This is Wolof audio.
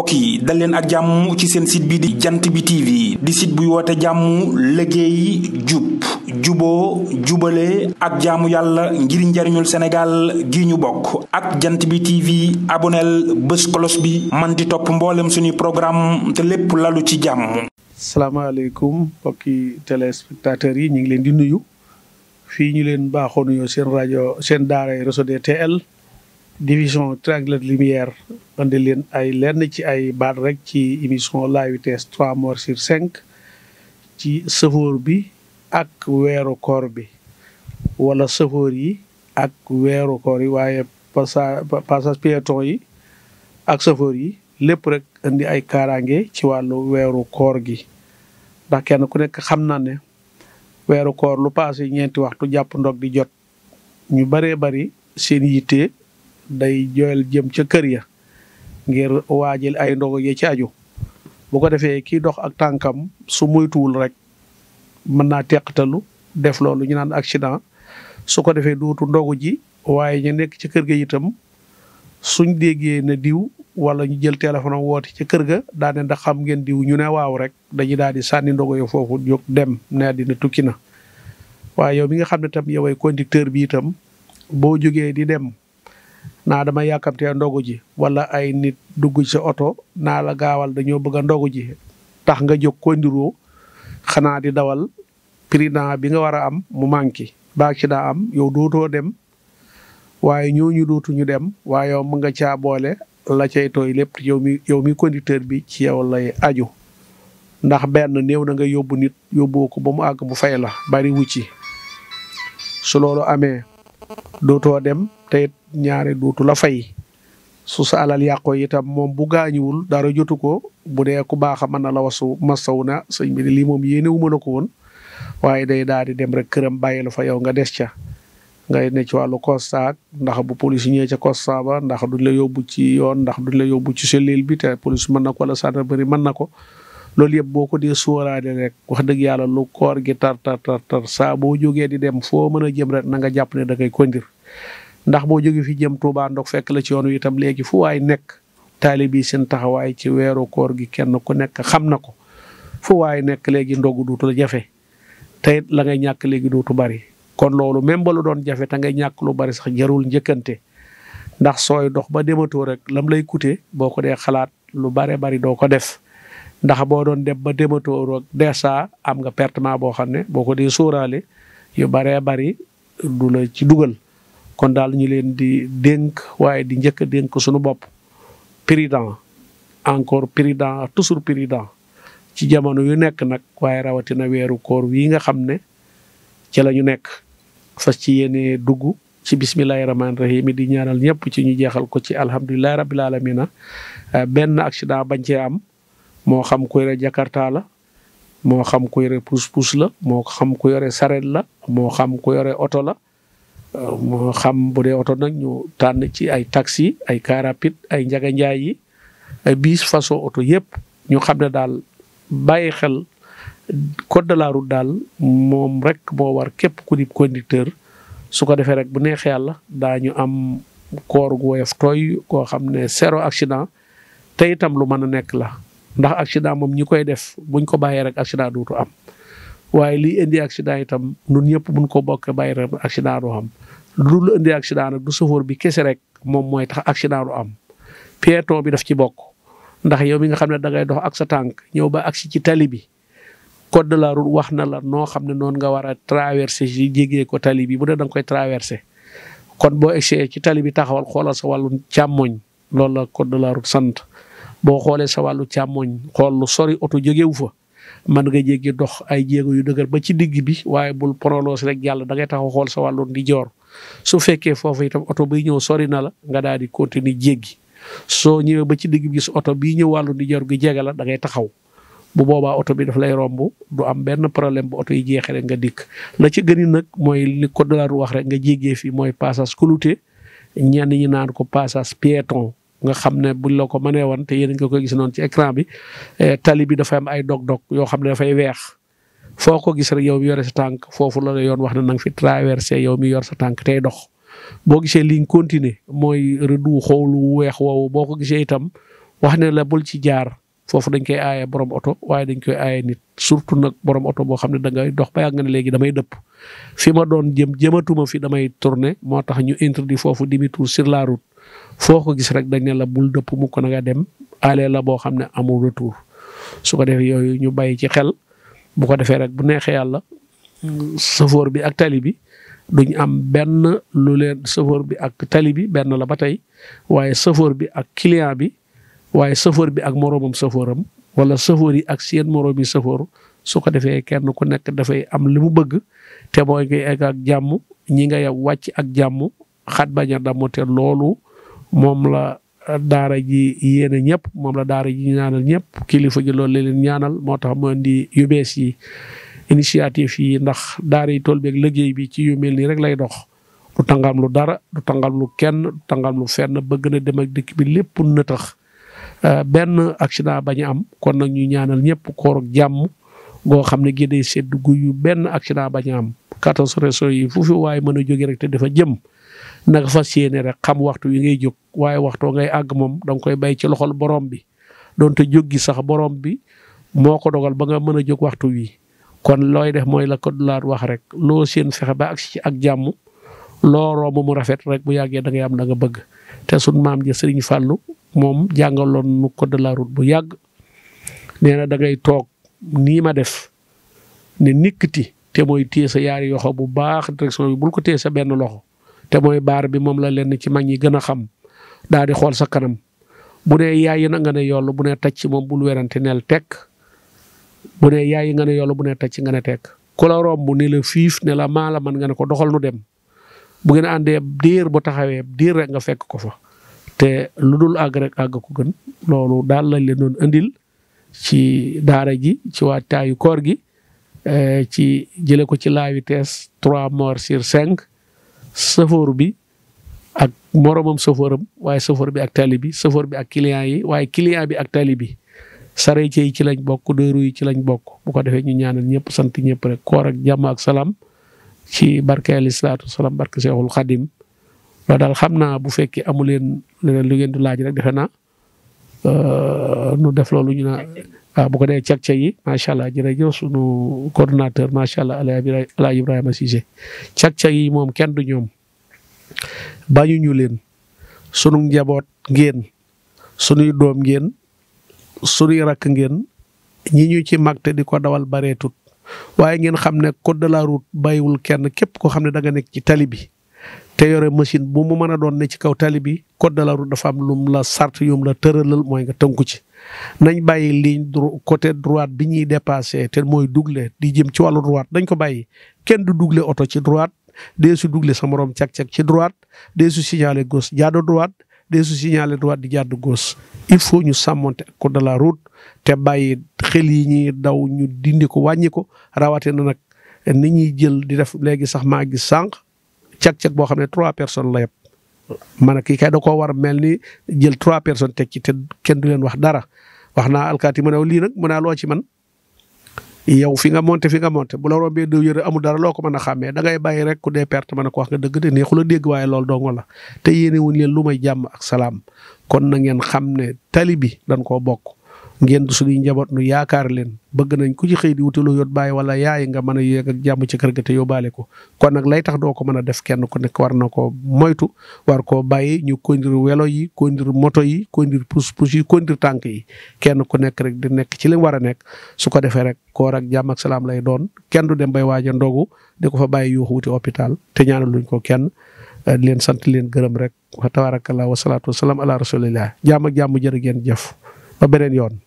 mbokk yi dal leen ak jàmm ci seen site bi di jant bi TV di site buy woote jàmm liggéey jub juboo jubale ak jaamu yàlla ngir njariñul Sénégal gi ñu bokk ak jant bi TV aboneel bés kolos bi man di topp mboolem suñuy programme te lépp lalu ci jàmm. salaamaaleykum mbokki téléspectateurs yi ñu ngi leen di nuyu fii ñu leen baaxoo nuyoo seen rajo seen daaray Réseau DTL. division triangle de indi leen ay lenn ci ay baat rek ci émission la vitesse trois morts sur cinq ci sëfoor bi ak weeru koor bi wala sëfoor yi ak weeru koor yi waaye passage passage yi ak sëfoor yi lépp rek indi ay kaaraange ci wàllu weeru koor gi ndax kenn ku nekk xam na ne weeru koor lu paase ñeenti waxtu jàpp ndog di jot ñu baree bari seen yitte day joyal jëm ca kër ya ngir waajal ay ndogo yee ci aju bu ko defee kii dox ak tànkam su moytuwul rek mën naa teqtalu def loolu ñu naan accident su ko defee dootu ndogo ji waaye ñu nekk ci kër ga itam suñ déggee ne diw wala ñu jël téléphone am woote ci kër ga daa ne ndax xam ngeen diw ñu ne waaw rek dañuy daal di sànni ndogo yo foofu jóg dem naa dina tukki na waaye yow mi nga xam ne tam yow ay conducteur bi itam boo jógee di dem naa dama yàkkamte a ndogu ji wala ay nit dugg sa oto naa la gaawal dañoo bëgg a ndogu ji tax nga jóg ko ndiroo xanaa di dawal président bi nga war a am mu manqué ba ci daa am yow dootoo dem waaye ñooñu dootuñu dem waaye yow mu nga caaboole boole la cay tooy lépp yow mi yow mi conducteur bi ci yow lay aju ndax benn néew na nga yóbbu nit yóbboo ba mu àgg mu fay la bari wu ci su loolu amee dootoo dem te ñaare duutu la fay su sa alal yàqoo itam moom bu gaañuwul dara jotu ko bu dee ku baax a mën na la wasu masaw na sëñ bi lii moom yéene wu la ko woon waaye day daal di dem rek këram bàyyi la fa yow nga des ca. ngay ne ci wàllu saak ndax bu police ñëwee ca constat ba ndax duñ la yóbbu ci yoon ndax duñ la yóbbu ci cellule bi te police mën na ko wala gendarmerie mën na ko. loolu yëpp boo ko dee sóoraale rek wax dëgg yàlla lu koor gi tar tar tar tar saa boo jógee di dem foo mën a jëm rek na nga jàpp ne da ngay kondir ndax boo jógee fi jëm Touba Ndog fekk la ci yoon wi itam léegi fu waay nekk taalibe yi seen taxawaay ci weeru koor gi kenn ku nekk xam na ko fu waay nekk léegi ndogu duutu la jafe te it la ngay ñàkk léegi duutu bari kon loolu même ba lu doon jafe ta ngay ñàkk lu bari sax jarul njëkkante ndax sooy dox ba dematoo rek lam lay coûter boo ko dee xalaat lu bare bari doo ko def ndax boo doon dem ba dematoo rek déjà am nga pertement boo xam ne boo ko dee sóoraale yu baree bari du ci dugal. kon daal ñu leen di dénk waaye di njëkk a dénk suñu bopp prudent encore prudent toujours prudent ci jamono yu nekk nag waaye rawatina weeru koor wii nga xam ne ci la ñu nekk fas ci yéene dugg ci bismillahi rahmaani rahim di ñaanal ñëpp ci ñu jeexal ko ci alhamdulilahi rabbil alamina benn accident bañ cee am moo xam ku yore jakarta la moo xam ku yore puus puus la moo xam ku yore saret la moo xam ku yore oto la moo xam bu dee oto nag ñu tànn ci ay taxi ay car ay njaga njaay yi ay biis façon oto yëpp ñu xam ne daal bàyyi xel code de la daal moom rek moo war képp ku di su ko defee rek bu neexee yàlla daañu am koor gu woyof tooy koo xam ne zéro accident te itam lu mën a nekk la ndax accident moom ñi koy def buñ ko bàyyee rek accident dootu am waaye liy indi accident itam ñun ñëpp buñ ko bokke bàyyi rek accident du am lu lu indi du chauffeur bi kese rek moom mooy tax accident du am piéton bi daf ci bokk ndax yow mi nga xam ne dangay dox ak sa tànk ñëw ba agsi ci tali bi code de la wax na la noo xam ne noonu nga war a traversé si jégee ko tali bi bu dee da nga koy traversé kon boo egsee ci tali bi taxawal xoolal sa wàllu càmmoñ loolu la code de la sant boo xoolee sa wàllu càmmoñ xool lu sori oto jógewu fa mën nga jéggi dox ay jéego yu dëgër ba ci digg bi waaye bul prolos rek yàlla da ngay taxaw xool sa wàllu di su fekkee foofu itam oto biy ñëw sori na la nga daal di continuer jéggi soo ñëwee ba ci digg bi su oto bii ñëw wàllu di joor gi jege la da ngay taxaw bu boobaa oto bi daf lay romb du am benn problème bu oto yi jeexee rek nga dikk. la ci gëni nag mooy li ko doon wax rek nga jéggee fii mooy passage clouté ñenn ñi naan ko passage piéton nga xam ne buñ la ko mënee woon te yéen a ngi koy gis noonu ci écran bi eh, tali bi dafay am ay dog-dog yoo xam ne dafay weex foo ko gis rek yow mi sa tànk foofu la yoon wax ne na nga fi traversé yow mi yor sa tànk tey dox. boo gisee ligne continue mooy rëdu xoolu weex woowu boo ko gisee itam wax ne la bul ci jaar foofu dañ koy aaye borom oto waaye dañ koy aaye nit surtout nag borom oto boo xam ne da dox ba yàgg nga ne léegi damay dëpp fi ma doon jëm jëmatuma fi damay tourner moo tax ñu interdit foofu demi-tour sur la foo ko gis rek dañ ne la bul dëpp mu ko na dem ale la boo xam ne amul retour su ko defee yooyu ñu bàyyi ci xel bu ko defee rek bu neexee yàlla safoor bi ak tali bi duñ am benn lu leen bi ak tali benn la ba tey waaye safoor bi ak client bi waaye safoor bi ak moroomam safooram wala safoor yi ak seen moroomi safoor su ko defee kenn ku nekk dafay am li mu bëgg te mooy egg ak jàmm ñi nga yow wàcc ak jàmm xat bañ a damm te loolu moom la daara ji yéene ñëpp moom la daara ji ñaanal ñëpp kilifa gi loolu la leen ñaanal moo tax mu indi yu bees yi initiative yi ndax daara yi tool beeg liggéey bi ci yu mel nii rek lay dox du tàngam lu dara du tàngam lu kenn du tàngam lu fenn bëgg na dem ak dikk bi lépp na tax euh, benn accident bañ am kon nag ñu ñaanal ñëpp koor ak jàmm goo xam ne gédey sedd guyu benn accident bañ am catastrophe yi fu fi waaye mën a jóge rek te dafa jëm naka fas yéene rek xam waxtu wi ngay jóg waaye waxtoo ngay àgg moom danga koy bay ci loxol borom bi doon jóg gi sax borom bi moo ko dogal ba nga mën a jóg waxtu wi kon looy def mooy la ko wax rek loo seen fexe ba ci ak jàmm loo romb mu rafet rek bu yàggee da ngay am da nga bëgg te sun maam ji Sëriñ Fàllu moom jàngaloon nu ko bu yàgg nee na da ngay toog nii ma def ne nikkati te mooy téye sa yaar yoxo bu baax direction bi bul ko téye sa benn loxo te mooy baar bi moom la leen ci mag ñi gën a xam daal di xool sa kanam bu ne yaay yi na nga ne yollu bu ne tacc moom bul werante neel tekk bu ne yaay yi nga ne yollu bu ne tacc nga ne tekk ku la romb ne la fiif ne la maa la man nga ne ko doxal nu dem bu ngeen àndee diir bu taxawee diir rek nga fekk ko fa te lu dul àgg rek àgg ko gën loolu daal lañ leen doon indil ci daara ji ci waajtaayu koor gi eh, ci jële ko ci laawi tees trois morts sur cinq safoor bi ak moromam chauffeur waaye chauffeur bi ak tali bi chauffeur bi ak client yi waaye client bi ak tali bi sareet ci lañ bokk dóoru yi ci lañ bokk bu ko defee ñu ñaanal ñëpp sant ñëpp rek koor ak jàmm ak salaam ci barke alayhi salaatu salaam barke Seexul Xadim loolu daal xam naa bu fekkee amu leen leneen lu ngeen di laaj rek defe naa euh, nu def loolu ñu na waaw bu ko dee càq càq yi macha allah jërëjëf sunu coordonnateur macha allah Alaaji Ibrahima Cissé càq càq yi moom kenn du ñoom. bañuñu leen sunu njaboot ngeen sunuy doom ngeen sunuy rakk ngeen ñi ñu ci mag te di ko dawal bareetut waaye ngeen xam ne code de la bàyyiwul kenn képp koo xam ne da nga nekk ci tali bi te yore machine bu mu mën a doon ne ci kaw tali bi code de la route dafa am lum la sart yum la tëralal mooy nga tënku ci. nañ bàyyi ligne côté droite bi ñuy dépasé te mooy doublé di jëm ci wàllu droite dañ ko bàyyi kenn du dugle oto ci droite dee su dugle sa morom cag-cag ci droite dee su signalé gauche jaadu droite dee su signalé droite di jaadu goos il faut ñu sàmmonte ak code de la route te bàyyi xel yi ñi daw ñu dindi ko wàññi ko rawate na nag ni ñuy jël di def léegi sax maa gis sànq cag-cag boo xam ne trois personnes la yëpp man a kii kay koo war mel ni jël trois personnes tek ci te kenn du leen wax dara wax naa alkaati ma ne lii nag mu naa loo ci man yow fi nga monté fi nga monté bu la rombee diw amul dara loo ko mën a xamee dangay ngay bàyyi rek ku dee perte mën a ko wax nga dëgg de neexu la dégg waaye loolu dong te yéene wuñ leen lu may jàmm ak salaam kon na ngeen xam ne tali bi dañ koo bokk ngeen du suñuy njaboot nu yaakaar leen bëgg nañ ku ci xëy di wutaloo yot bàyyi wala yaay nga mën a yéeg ak jàmm ci kër ga te yóbbaale ko kon nag lay tax doo ko mën a def kenn ku nekk war na ko moytu war koo bàyyi ñu kondir welo yi kondir moto yi kondir pus-pus yi kondir tànk yi kenn ku nekk rek di nekk ci li war a nekk su ko defee rek koor ak jàmm ak salaam lay doon kenn du dem bay waaj a ndogu di ko fa bàyyi yuuxu wuti hôpital te ñaanal luñ ko kenn eh, di leen sant leen gërëm rek wa tabaarakallah wasalaatu wasalaam ala rasulillah jàmm ak jàmm jërë ngeen jëf ba beneen yoon